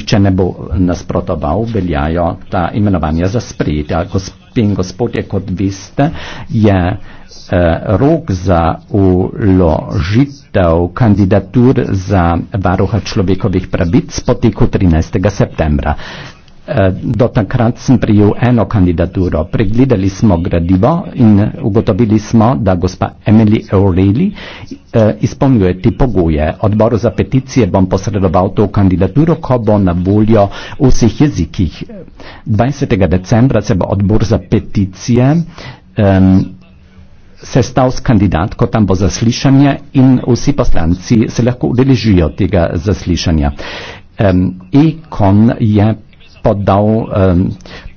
nihče ne bo nasprotoval, veljajo ta imenovanja za sprejetja. In gospodje, kot veste, je eh, rok za uložitev kandidatur za varuha človekovih pravic potekel 13. septembra. Eh, dotakrat sem prijel eno kandidaturo. Pregledali smo gradivo in ugotovili smo, da gospa Emily O'Reilly eh, izpolnjuje te pogoje. Odboru za peticije bom posredoval to kandidaturo, ko bo na voljo v vseh jezikih. 20. decembra se bo odbor za peticije eh, sestal s kandidatko, tam bo zaslišanje in vsi poslanci se lahko udeležijo tega zaslišanja. Eh, Ekon je poddał eh,